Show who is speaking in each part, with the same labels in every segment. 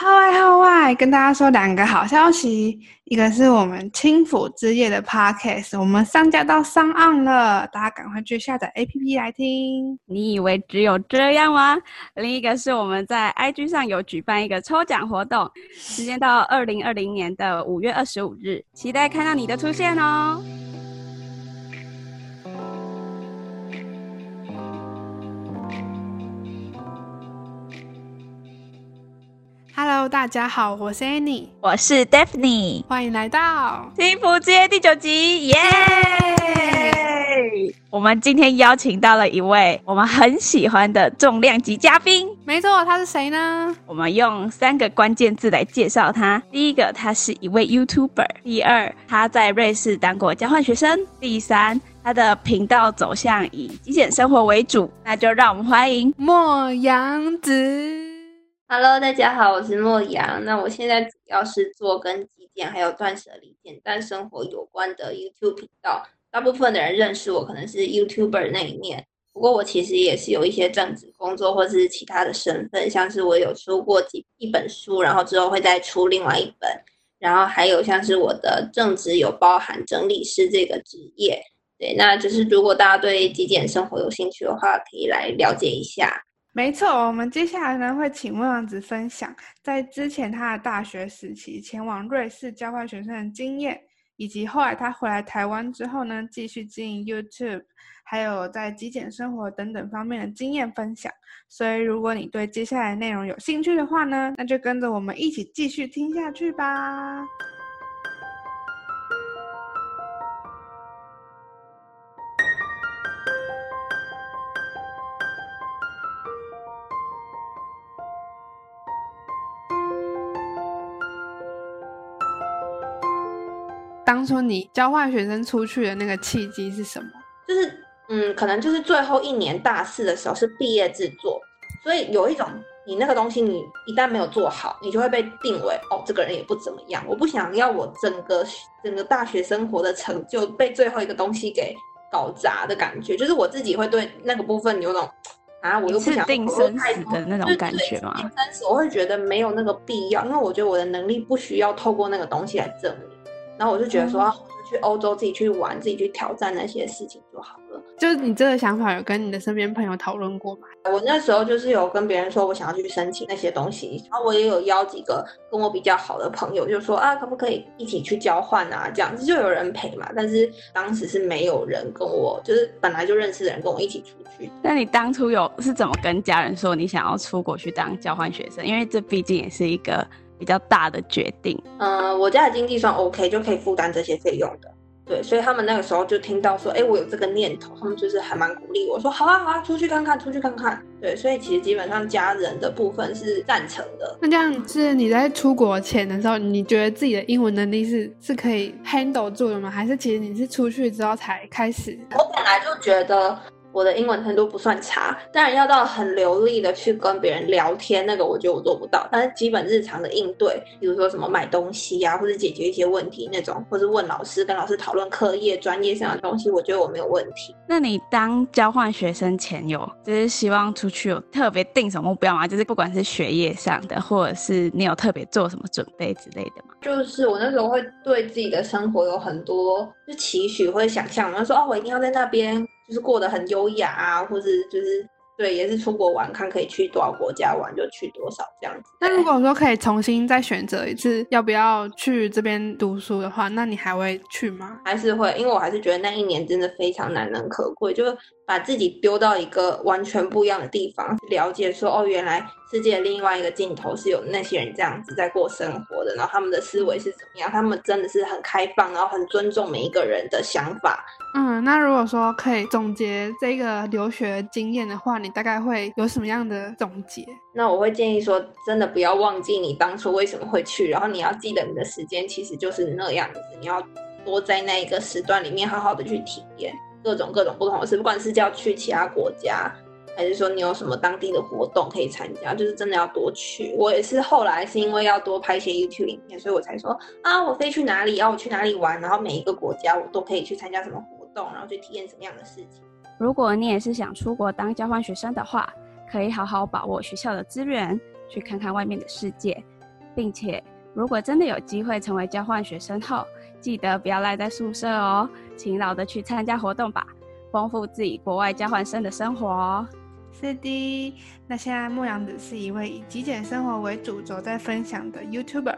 Speaker 1: 號外號外，跟大家說兩個好消息，一個是我們輕撫之夜
Speaker 2: 的 podcast，我們上架到上岸了，大家趕快去下載 APP 來聽。你以為只有這樣嗎？另一個是我們在 IG 上有舉辦一個抽獎活動，時間到二零二零年的五月二十五日，期待看到你的出現哦。
Speaker 1: Hello，大家好，我是 Annie，
Speaker 2: 我是 Daphne，
Speaker 1: 歡迎來到《
Speaker 2: 輕撫之夜》第
Speaker 1: 九集，yeah! 耶！
Speaker 2: 我們今天邀請到了一位我們很喜歡的重量級嘉賓，沒錯，他是誰呢？我們用三個關鍵字來介紹他：第一個，他是一位 YouTuber；第二，他在瑞士當過交換學生；第三，他的頻道走向以極簡生活為主。
Speaker 3: 那就讓我們歡迎末羊子。哈嘍，大家好，我是末羊子。那我現在主要是做跟極簡還有斷捨離、簡單生活有關的 YouTube 頻道。大部分的人認識我，可能是 YouTuber 那一面。不過我其實也是有一些正職工作或者是其他的身份，像是我有出過幾一本書，然後之後會再出另外一本。然後還有像是我的正職有包含整理師這個職業。對，那就是如果大家對極簡生活有興趣的話，可以來了解一下。
Speaker 1: 沒錯，我們接下來呢，會請末羊子分享在之前他的大學時期前往瑞士交換學生的經驗，以及後來他回來台灣之後呢，繼續經營 YouTube，還有在極簡生活等等方面的經驗分享。所以，如果你對接下來的內容有興趣的話呢，那就跟着我們一起繼續聽下去吧。當初你交換學生出去的那個契機是什麼？就是，
Speaker 3: 嗯，可能就是最後一年大四的時候是畢業制作，所以有一種你那個東西你一旦沒有做好，你就會被定為哦，這個人也不怎麼樣。我不想要我整個整個大學生活的成就被最後一個東西給搞砸的感覺，就是我自己會對那個部分有種啊，我又不想，定生死的那種感覺嘛。定生死，我會覺得沒有那個必要，因為我覺得我的能力不需要透過那個東西來證明。然後我就覺得說，要、嗯、去歐洲自己去玩，自己去挑戰那些事情就好
Speaker 1: 了。就是你這個想法有跟你的身邊朋友討論過嗎？
Speaker 3: 我那時候就是有跟別人說我想要去申請那些東西，然後我也有邀幾個跟我比較好的朋友，就說啊，可不可以一起去交換啊？這樣子就有人陪嘛。但是當時是沒有人跟我，就是本來就認識的人跟我一起出去。
Speaker 2: 那你當初有是怎麼跟家人說你想要出國去當交換學生？因為這畢竟也是一個。比較大的決定，嗯、
Speaker 3: 呃，我家的經濟算 OK，就可以負擔這些費用的。對，所以他們那個時候就聽到說，哎、欸，我有這個念頭，他們就是還蠻鼓勵我說，好啊，好啊，出去看看，出去看看。對，所以其實基本上家人的部分是贊成的。那這
Speaker 1: 樣是你在出國前的時候，你覺得自己的英文能力是是可以 handle 住的嗎？還是其實你是出去之後才開始？我本
Speaker 3: 來就覺得。我的英文程度不算差，當然要到很流利的去跟別人聊天，那個我覺得我做不到。但是基本日常的應對，比如說什麼買東西啊，或者解決一些問題那種，或者問老師、跟老師討論課業、專業上的東西，我覺得我沒有問題。
Speaker 2: 那你當交換學生前有就是希望出去有特別定什麼目標嗎？就是不管是學業上的，或者是你有特別做什麼準備之類的嗎？
Speaker 3: 就是我那時候會對自己的生活有很多就期許或者想象，我說哦，我一定要在那邊。就是過得很優雅啊，或是就是，對，也是出國玩，看可以去多少國家玩就去多少這樣子。
Speaker 1: 那如果說可以重新再選擇一次，要不要去這邊讀書的話，那你還會去嗎？
Speaker 3: 還是會，因為我還是覺得那一年真的非常難能可貴，就把自己丟到一個完全不一樣的地方，了解說哦，原來。世界另外一個盡頭是有那些人這樣子在過生活的，然後他們的思維是怎麼樣？他們真的是很開放，然後很尊重每一個人的想法。
Speaker 1: 嗯，那如果說可以總結這個留學經驗的話，你大概會有什麼樣的總結？
Speaker 3: 那我會建議說，真的不要忘記你當初為什麼會去，然後你要記得你的時間其實就是那樣子，你要多在那一個時段裡面好好的去體驗各種各種不同的事，不管是叫去其他國家。還是說你有什麼當地的活動可以參加？就是真的要多去。我也是後來是因為要多拍一些 YouTube 影片，所以我才說啊，我飛去哪裡，啊我去哪裡玩，然後每一個國家我都可以去參加什麼活動，然後去體驗什麼樣的事情。
Speaker 2: 如果你也是想出國當交換學生的話，可以好好把握學校的資源，去看看外面的世界，並且如果真的有機會成為交換學生後，記得不要賴在宿舍哦，勤勞的去參加活動吧，豐富自己國外交換生的生活哦。是的，那現在末羊子是一位以極簡生活為主軸在分
Speaker 1: 享的 YouTuber。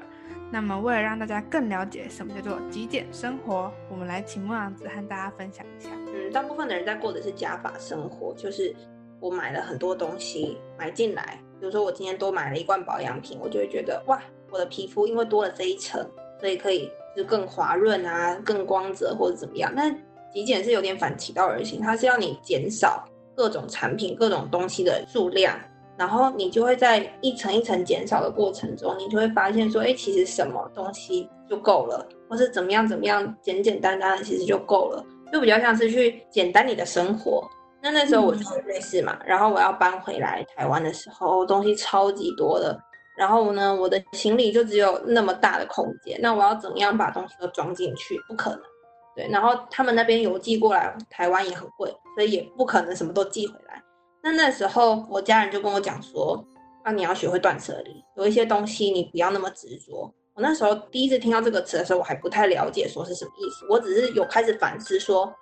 Speaker 1: 那麼，為了讓大家更了解什麼叫做極簡生活，我們來請末羊子和大家分享一下。嗯，
Speaker 3: 大部分的人在過的是加法生活，就是我買了很多東西買進來，比如說我今天多買了一罐保養品，我就會覺得哇，我的皮膚因為多了這一層，所以可以就更滑潤啊，更光澤或者怎麼樣。那極簡是有點反其道而行，它是要你減少。各種產品、各種東西的數量，然後你就會在一層一層減少的過程中，你就會發現說，哎，其實什麼東西就夠了，或是怎麼樣怎麼樣，簡簡單單的其實就夠了，就比較像是去簡單你的生活。那那時候我就在瑞士嘛、嗯，然後我要搬回來台灣的時候，東西超級多的，然後呢，我的行李就只有那麼大的空間，那我要怎麼樣把東西都裝進去？不可能。然後他們那邊郵寄過來，台灣也很貴，所以也不可能什麼都寄回來。那那時候我家人就跟我講說，那，啊，你要學會斷捨離，有一些東西你不要那麼執着。我那時候第一次聽到這個詞的時候，我還不太了解說是什麼意思，我只是有開始反思說，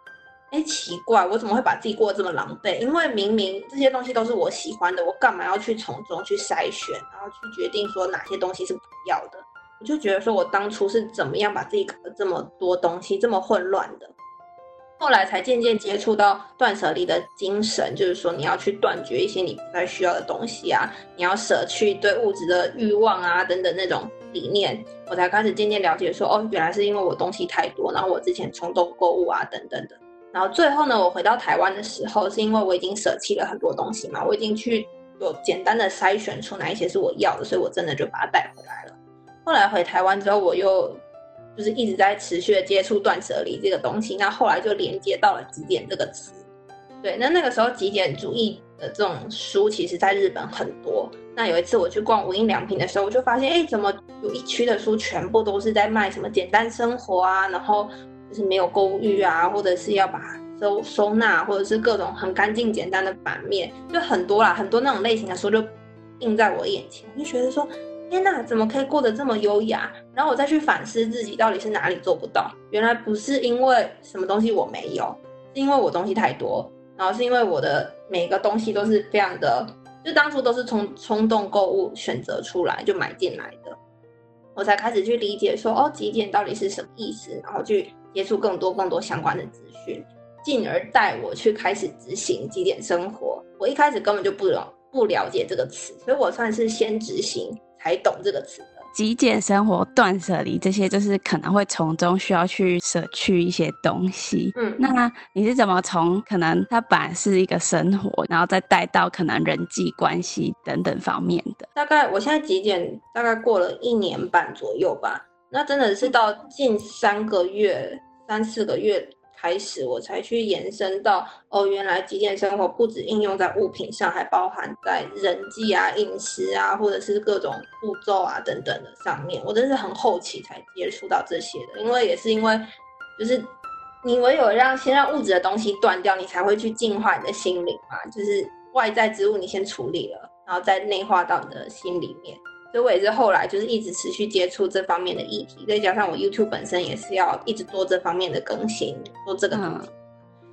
Speaker 3: 哎，奇怪，我怎麼會把自己過得這麼狼狽？因為明明這些東西都是我喜歡的，我幹嘛要去從中去篩選，然後去決定說哪些東西是不要的？我就覺得說，我當初是怎麼樣把自己搞了這麼多東西，這麼混亂的，後來才漸漸接觸到斷舍離的精神，就是說你要去斷絕一些你不太需要的東西啊，你要舍去對物質的慾望啊等等那種理念，我才開始漸漸了解說，哦，原來是因為我東西太多，然後我之前衝動購物啊等等的，然後最後呢，我回到台灣的時候，是因為我已經捨棄了很多東西嘛，我已經去有簡單的篩選出哪一些是我要的，所以我真的就把它帶回來了。後來回台灣之後，我又就是一直在持續的接觸斷捨離這個東西。那後來就連接到了極簡這個詞。對，那那個時候極簡主義的這種書，其實在日本很多。那有一次我去逛無印良品的時候，我就發現，哎、欸，怎麼有一區的書全部都是在賣什麼簡單生活啊，然後就是沒有購物啊，或者是要把它收收納，或者是各種很乾淨簡單的版面，就很多啦，很多那種類型的書就印在我眼前，我就覺得說。天哪，怎麼可以過得這麼優雅？然後我再去反思自己到底是哪裡做不到。原來不是因為什麼東西我沒有，是因為我東西太多，然後是因為我的每一個東西都是非常的，就當初都是從衝動購物選擇出來就買進來的。我才開始去理解說哦，極簡到底是什麼意思，然後去接觸更多更多相關的資訊，進而帶我去開始執行極簡生活。我一開始根本就不懂，不了解這個詞，所以我算是先執行。才懂這個詞
Speaker 2: 的，極簡生活、斷捨離這些，就是可能會從中需要去捨去一些東西。嗯，那你是怎麼從可能它本來是一個生活，然後再帶到可能人際關係等等方面的？
Speaker 3: 大概我現在極簡大概過了一年半左右吧，那真的是到近三個月、三四個月。開始我才去延伸到哦，原來極簡生活不只應用在物品上，還包含在人際啊、飲食啊，或者是各種步驟啊等等的上面。我真是很後期才接觸到這些的，因為也是因為，就是你唯有讓先讓物質的東西斷掉，你才會去淨化你的心靈嘛、啊。就是外在之物你先處理了，然後再內化到你的心裡面。所以，我也是後來就是一直持續接觸這方面的議題，再加上我 YouTube 本身也是要一直做這方面的更新，做這個行、嗯。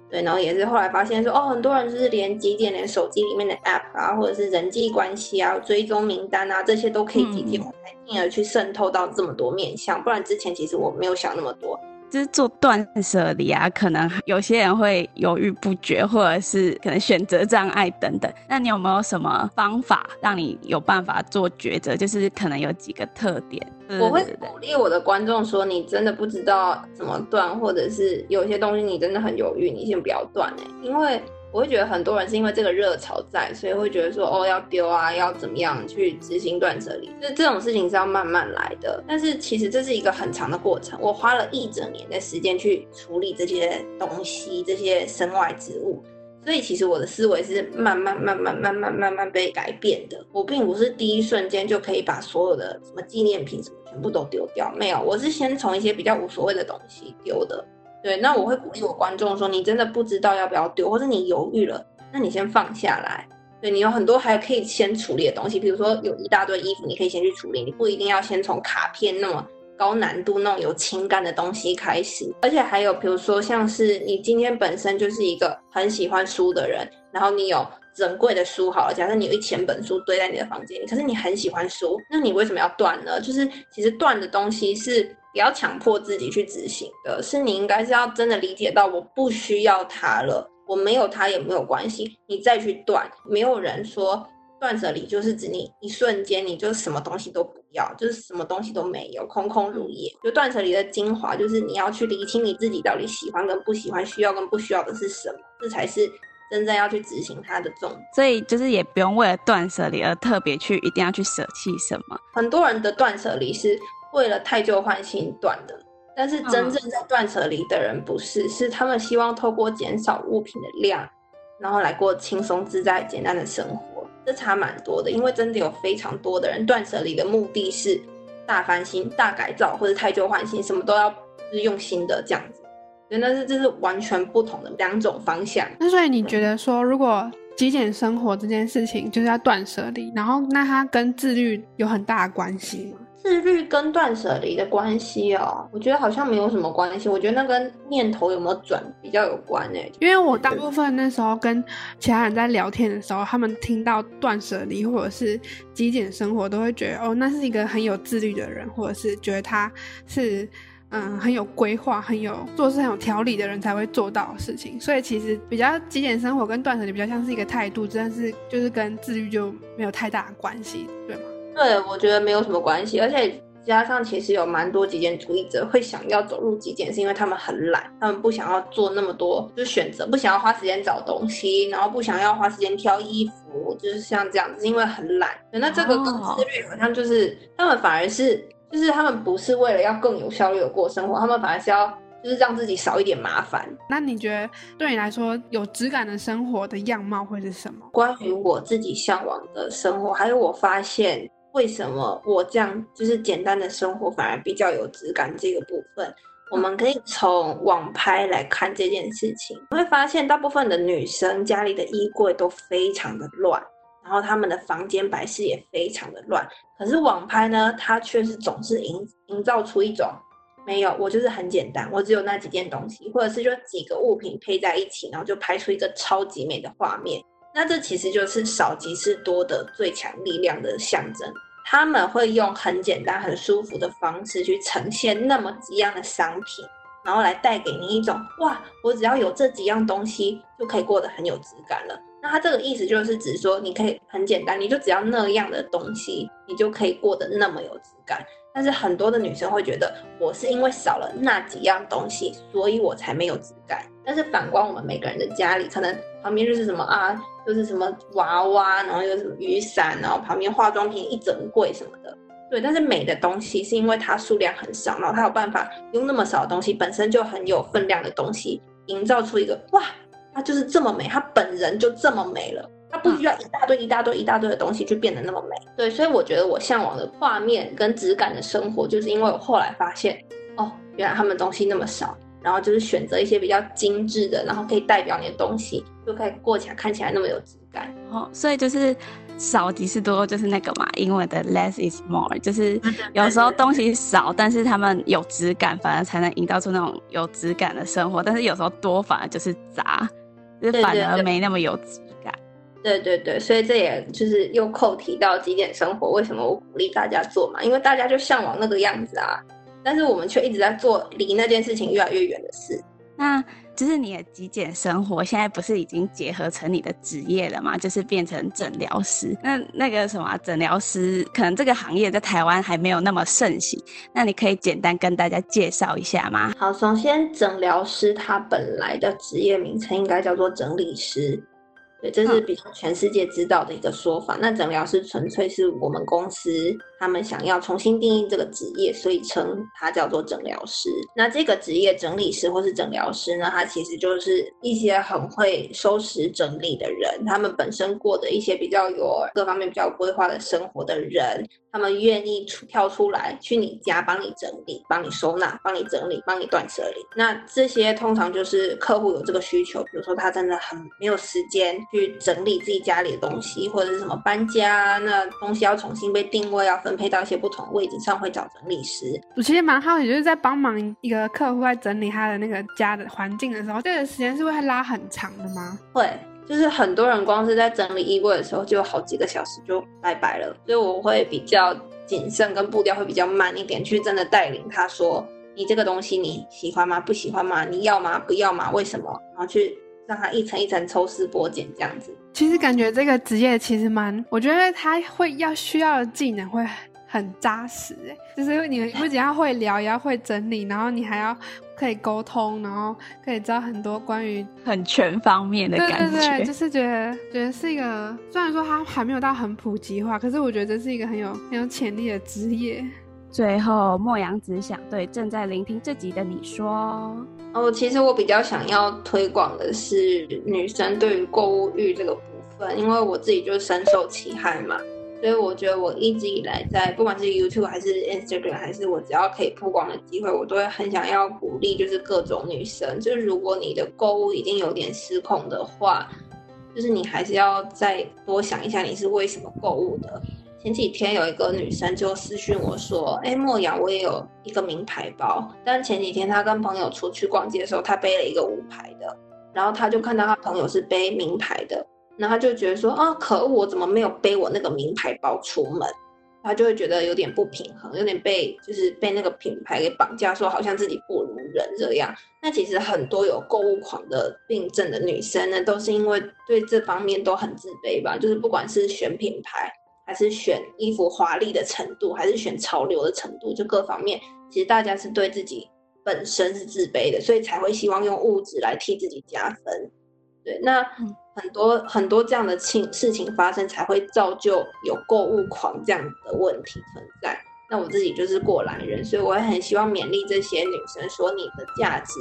Speaker 3: 對，然後也是後來發現說，哦，很多人就是連極簡，連手機裡面的 App 啊，或者是人際關係啊、追蹤名單啊，這些都可以極簡進來，進而去滲透到這麼多面向。不然之前其實我沒有想那麼多。
Speaker 2: 就是做斷捨離啊，可能有些人會猶豫不決，或者是可能選擇障礙等等。那你有沒有什麼方法讓你有辦法做抉擇？就是可能有幾個特點，對對
Speaker 3: 對對。我會鼓勵我的觀眾說：你真的不知道怎麼斷，或者是有些東西你真的很猶豫，你先不要斷欸，因為。我會覺得很多人是因為這個熱潮在，所以會覺得說，哦要丟啊，要怎麼樣去執行斷捨離，所以這種事情是要慢慢來的。但是其實這是一個很長的過程，我花了一整年的時間去處理這些東西，這些身外之物。所以其實我的思維是慢慢慢慢慢慢慢慢被改變的。我並不是第一瞬間就可以把所有的什麼紀念品什麼全部都丟掉，沒有，我是先從一些比較無所謂的東西丟的。對，那我會鼓勵我觀眾說，你真的不知道要不要丟，或是你猶豫了，那你先放下來。對，你有很多還可以先處理的東西，比如說有一大堆衣服，你可以先去處理，你不一定要先從卡片那麼高難度、那種有情感的東西開始。而且還有，比如說像是你今天本身就是一個很喜歡書的人，然後你有整櫃的書，好了，假設你有一千本書堆在你的房間裡，可是你很喜歡書，那你為什麼要斷呢？就是其實斷的東西是。不要強迫自己去執行的。是你應該是要真的理解到，我不需要它了，我沒有它也沒有關係。你再去斷，沒有人說斷捨離就是指你一瞬間你就什麼東西都不要，就是什麼東西都沒有，空空如也。就斷捨離的精華就是你要去理清你自己到底喜歡跟不喜歡，需要跟不需要的是什麼，這才是真正要去執行它的重點。
Speaker 2: 所以就是也不用為了斷捨離而特別去一定要去捨棄什麼。
Speaker 3: 很多人的斷捨離是為了汰舊換新，斷的。但是真正在斷捨離的人不是、哦，是他們希望透過減少物品的量，然後來過輕鬆自在、簡單的生活。這差蠻多的，因為真的有非常多的人斷捨離的目的是大翻新、大改造或者汰舊換新，什麼都要是用新的這樣子。原來是這是完全不同的兩種方向。那所以你覺
Speaker 1: 得說，如果極簡生活這件事情就是要斷捨離，然後那它跟自律有很大的關係嗎？
Speaker 3: 自律跟斷捨離的關係哦、喔，我覺得好像沒有什麼關係。我覺得那跟念頭有沒有轉比較有關哎、欸。因為我大部分那時候跟其他人在聊天的時
Speaker 1: 候，他們聽到斷捨離或者是極簡生活，都會覺得哦，那是一個很有自律的人，或者是覺得他是嗯很有規劃、很有，很有做事很有條理的人才會做到的事情。所以其實比較極簡生活跟斷捨離比較像是一個態度，真的是就是跟自律就沒有太大的關係，
Speaker 3: 對嗎？對，我覺得沒有什麼關係，而且加上其實有蠻多極簡主義者會想要走入極簡，是因為他們很懶，他們不想要做那麼多，就選擇不想要花時間找東西，然後不想要花時間挑衣服，就是像這樣子，是因為很懶。那這個更自律好像就是他們反而是，就是他們不是為了要更有效率的過生活，他們反而是要就是讓自己少一點麻煩。
Speaker 1: 那你覺得對你來說有質感的生活的樣貌會是什麼？
Speaker 3: 關於我自己向往的生活，還有我發現。為什麼我這樣就是簡單的生活反而比較有質感？這個部分，我們可以從網拍來看這件事情，你會發現大部分的女生家裡的衣櫃都非常的亂，然後他們的房間擺飾也非常的亂，可是網拍呢，它卻是總是營營造出一種沒有我就是很簡單，我只有那幾件東西，或者是就幾個物品配在一起，然後就拍出一個超級美的畫面。那這其實就是少即是多的最強力量的象徵。他們會用很簡單、很舒服的方式去呈現那麼幾樣的商品，然後來帶給你一種：哇，我只要有這幾樣東西，就可以過得很有質感了。那他這個意思就是指說，你可以很簡單，你就只要那樣的東西，你就可以過得那麼有質感。但是很多的女生會覺得，我是因為少了那幾樣東西，所以我才沒有質感。但是反觀我們每個人的家裡，可能旁邊就是什麼啊，就是什麼娃娃，然後有什麼雨傘，然後旁邊化妝品一整櫃什麼的。對，但是美的東西是因為它數量很少，然後它有辦法用那麼少的東西，本身就很有分量的東西，營造出一個哇，它就是這麼美，它本人就這麼美了。它不需要一大堆、一大堆、一大堆的東西去變得那麼美，對，所以我覺得我向往的畫面跟質感的生活，就是因為我後來發現，哦，原來他們東西那麼少，然後就是選擇一些比較精緻的，然後可以代表你的東西，就可以過起來看起來那麼有質感。
Speaker 2: 哦，所以就是少即是多，就是那個嘛，英文的 less is more，就是有時候東西少， 但是他們有質感，反而才能營造出那種有質感的生活。但是有時候多，反而就是雜，就是、反而沒那麼有質感。對對對對。
Speaker 3: 對對對，所以這也就是又扣，提到極簡生活。為什麼我鼓勵大家做嘛？因為大家就嚮往那個樣子啊。但是我們卻一直在做離那件事情越來越遠的事。
Speaker 2: 那就是你的極簡生活，現在不是已經結合成你的職業了嗎？就是變成整聊師。那那個什麼啊，整聊師，可能這個行業在台灣還沒有那麼盛行。那你可以簡單跟大家介紹一下嗎？
Speaker 3: 好，首先整聊師他本來的職業名稱應該叫做整理師。對，這是比較全世界知道的一個說法。嗯、那整聊師純粹是我們公司，他們想要重新定義這個職業，所以稱它叫做整聊師。那這個職業整理師或是整聊師呢，他其實就是一些很會收拾整理的人，他們本身過的一些比較有各方面比較規劃的生活的人，他們願意出跳出來去你家幫你整理、幫你收納、幫你整理、幫你斷捨離。那這些通常就是客戶有這個需求，比如說他真的很沒有時間去整理自己家裡的東西，或者是什麼搬家，那東西要重新被定位要，分配到一些不同的位置上，會找整理師。
Speaker 1: 我其實蠻好奇，就是在幫忙一個客戶在整理他的那個家的環境的時候，這個時間是會拉很長的嗎？
Speaker 3: 會，就是很多人光是在整理衣櫃的時候，就好幾個小時就拜拜了。所以我會比較謹慎，跟步調會比較慢一點，去真的帶領他說：“你這個東西你喜歡嗎？不喜歡嗎？你要嗎？不要嗎？為什麼？”然後去。讓他一層一層抽絲剝繭，這樣子。
Speaker 1: 其實感覺這個職業其實蠻，我覺得他會要需要的技能會很紮實，哎，就是因為你不僅要會聊，也要會整理，然後你還要可以溝通，然後可以知道很多關於
Speaker 2: 很全方面的感覺。對對對，就
Speaker 1: 是覺得覺得是一個，雖然說它還沒有到很普及化，可是我覺得這是一個很有很有潛力的職業。
Speaker 2: 最後，末羊子想對正在聆聽這集的你說：
Speaker 3: 哦，其實我比較想要推廣的是女生對於購物欲這個部分，因為我自己就深受其害嘛。所以我覺得我一直以來在不管是 YouTube 還是 Instagram，還是我只要可以曝光的機會，我都會很想要鼓勵，就是各種女生，就是如果你的購物已經有點失控的話，就是你還是要再多想一下，你是為什麼購物的。前幾天有一個女生就私訊我說：“哎、欸，末羊，我也有一個名牌包，但前幾天她跟朋友出去逛街的時候，她背了一個無牌的，然後她就看到她朋友是背名牌的，那她就覺得說啊、哦，可惡，我怎麼沒有背我那個名牌包出門？她就會覺得有點不平衡，有點被就是被那個品牌給綁架，說好像自己不如人這樣。那其實很多有購物狂的病症的女生呢，都是因為對這方面都很自卑吧，就是不管是選品牌。”還是選衣服華麗的程度，還是選潮流的程度，就各方面，其實大家是對自己本身是自卑的，所以才會希望用物質來替自己加分。對，那很多、嗯、很多這樣的情事情發生，才會造就有購物狂這樣子的問題存在。那我自己就是過來人，所以我也很希望勉勵這些女生說，你的價值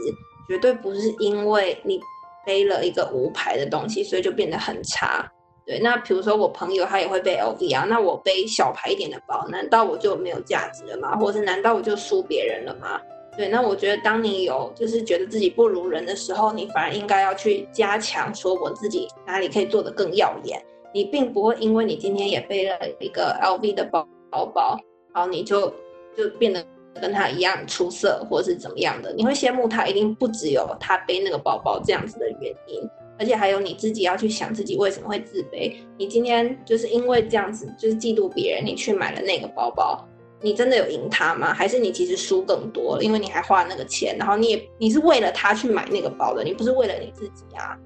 Speaker 3: 絕對不是因為你背了一個無牌的東西，所以就變得很差。對，那比如說我朋友他也會背 LV 啊，那我背小牌一點的包，難道我就沒有價值了嗎？或者是難道我就輸別人了嗎？對，那我覺得當你有就是覺得自己不如人的時候，你反而應該要去加強說我自己哪裡可以做得更耀眼。你並不會因為你今天也背了一個 LV 的包包，然後你就就變得跟他一樣出色或是怎麼樣的，你會羨慕他一定不只有他背那個包包這樣子的原因。而且還有你自己要去想自己為什麼會自卑。你今天就是因為這樣子，就是嫉妒別人，你去買了那個包包，你真的有贏他嗎？還是你其實輸更多了？因為你還花了那個錢，然後你也你是為了他去買那個包的，你不是為了你自己啊。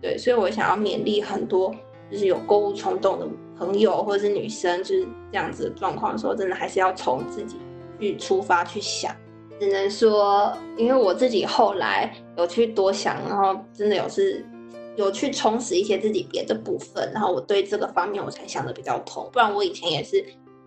Speaker 3: 對，所以我想要勉勵很多就是有購物衝動的朋友或者是女生，就是這樣子的狀況的時候，真的還是要從自己去出發去想。只能說，因為我自己後來有去多想，然後真的有是。有去充實一些自己別的部分，然後我對這個方面我才想的比較通。不然我以前也是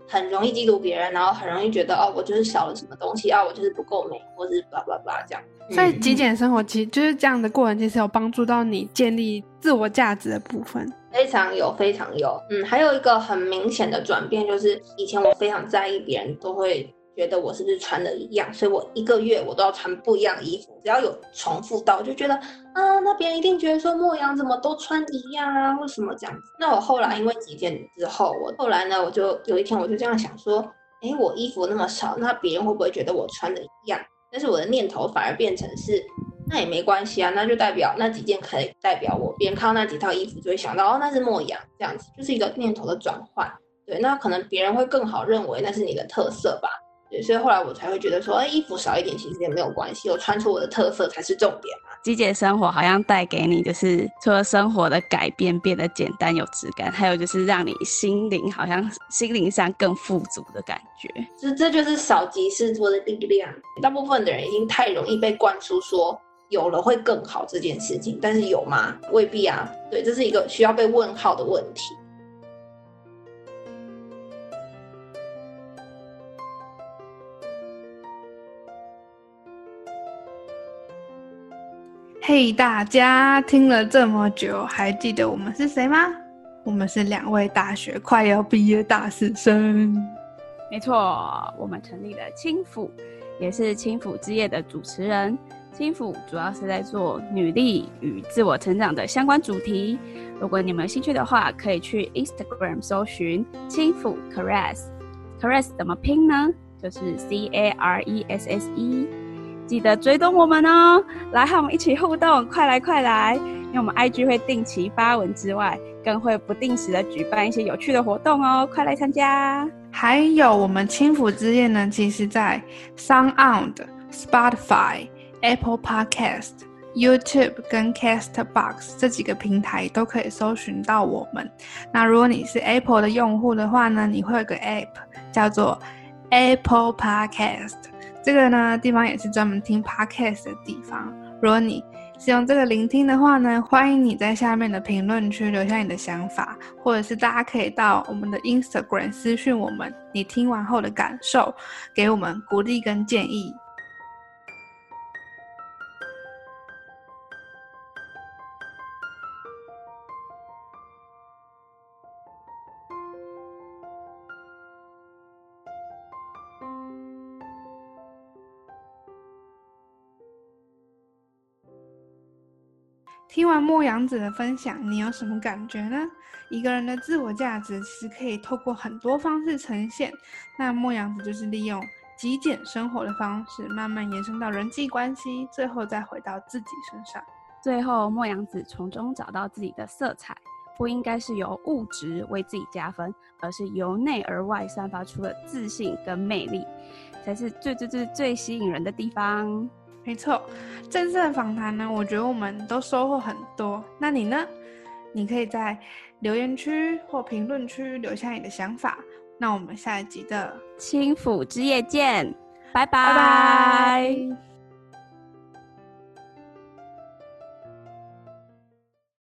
Speaker 3: 很容易嫉妒別人，然後很容易覺得哦，我就是少了什麼東西啊，哦，我就是不夠美，或者是巴拉巴拉這樣。所以極簡
Speaker 1: 生活其實就是這樣的過程，其實有幫助到你建立自我價值的部分？
Speaker 3: 嗯，非常有，非常有。嗯，還有一個很明顯的轉變，就是以前我非常在意，別人都會。覺得我是不是穿的一樣，所以我一個月我都要穿不一樣的衣服，只要有重複到，我就覺得啊，那別人一定覺得說末羊怎麼都穿一樣啊，或什麼這樣子。那我後來因為幾件之後，我後來呢，我就有一天我就這樣想說，哎，我衣服那麼少，那別人會不會覺得我穿的一樣？但是我的念頭反而變成是，那也沒關係啊，那就代表那幾件可以代表我，別人看到那幾套衣服就會想到哦，那是末羊這樣子，就是一個念頭的轉換。對，那可能別人會更好認為那是你的特色吧。所以後來我才會覺得說，哎、欸，衣服少一點其實也沒有關係，我穿出我的特色才是重點嘛、
Speaker 2: 啊。極簡生活好像帶給你就是，除了生活的改變變得簡單有質感，還有就是讓你心靈好像心靈上更富足的感覺。
Speaker 3: 這這就是少即是多的力量。大部分的人已經太容易被灌輸說有了會更好這件事情，但是有嗎？未必啊。對，這是一個需要被問號的問題。
Speaker 1: 嘿、hey,，大家聽了這麼久，還記得我們是誰嗎？我們是兩位大學快要畢業大四生。
Speaker 2: 沒錯，我們成立了輕撫，也是輕撫之夜的主持人。輕撫主要是在做女力與自我成長的相關主題。如果你們有興趣的話，可以去 Instagram 搜尋輕撫 Caresse，Caresse 怎麼拼呢？就是 C-A-R-E-S-S-E -E。記得追蹤我們哦，來和我們一起互動，快來快來！因為我們 IG 會定期發文之外，更會不定時的舉辦一些有趣的活動哦，快來參加！
Speaker 1: 還有我們輕撫之夜呢，其實，在 SoundOn、Spotify、Apple Podcast、YouTube 跟 Castbox 這幾個平台都可以搜尋到我們。那如果你是 Apple 的用戶的話呢，你會有個 App 叫做 Apple Podcast。這個呢，地方也是專門聽 Podcast 的地方。如果你使用這個聆聽的話呢，歡迎你在下面的評論區留下你的想法，或者是大家可以到我們的 Instagram 私訊我們，你聽完後的感受，給我們鼓勵跟建議。聽完末羊子的分享，你有什麼感覺呢？一個人的自我價值其實可以透過很多方式呈現，那末羊子就是利用極簡生活的方式，慢慢延伸到人際關係，最後再回到自己身
Speaker 2: 上。最後，末羊子從中找到自己的色彩，不應該是由物質為自己加分，而是由內而外散發出的自信跟魅力，才是最最最最，最吸引人的地方。沒錯，正式的訪談呢，
Speaker 1: 我覺得我們都收穫很多。那你呢？你可以在留言區或評論區留下你的想法。那我們下一集的
Speaker 2: 輕撫之夜見，拜拜。Bye bye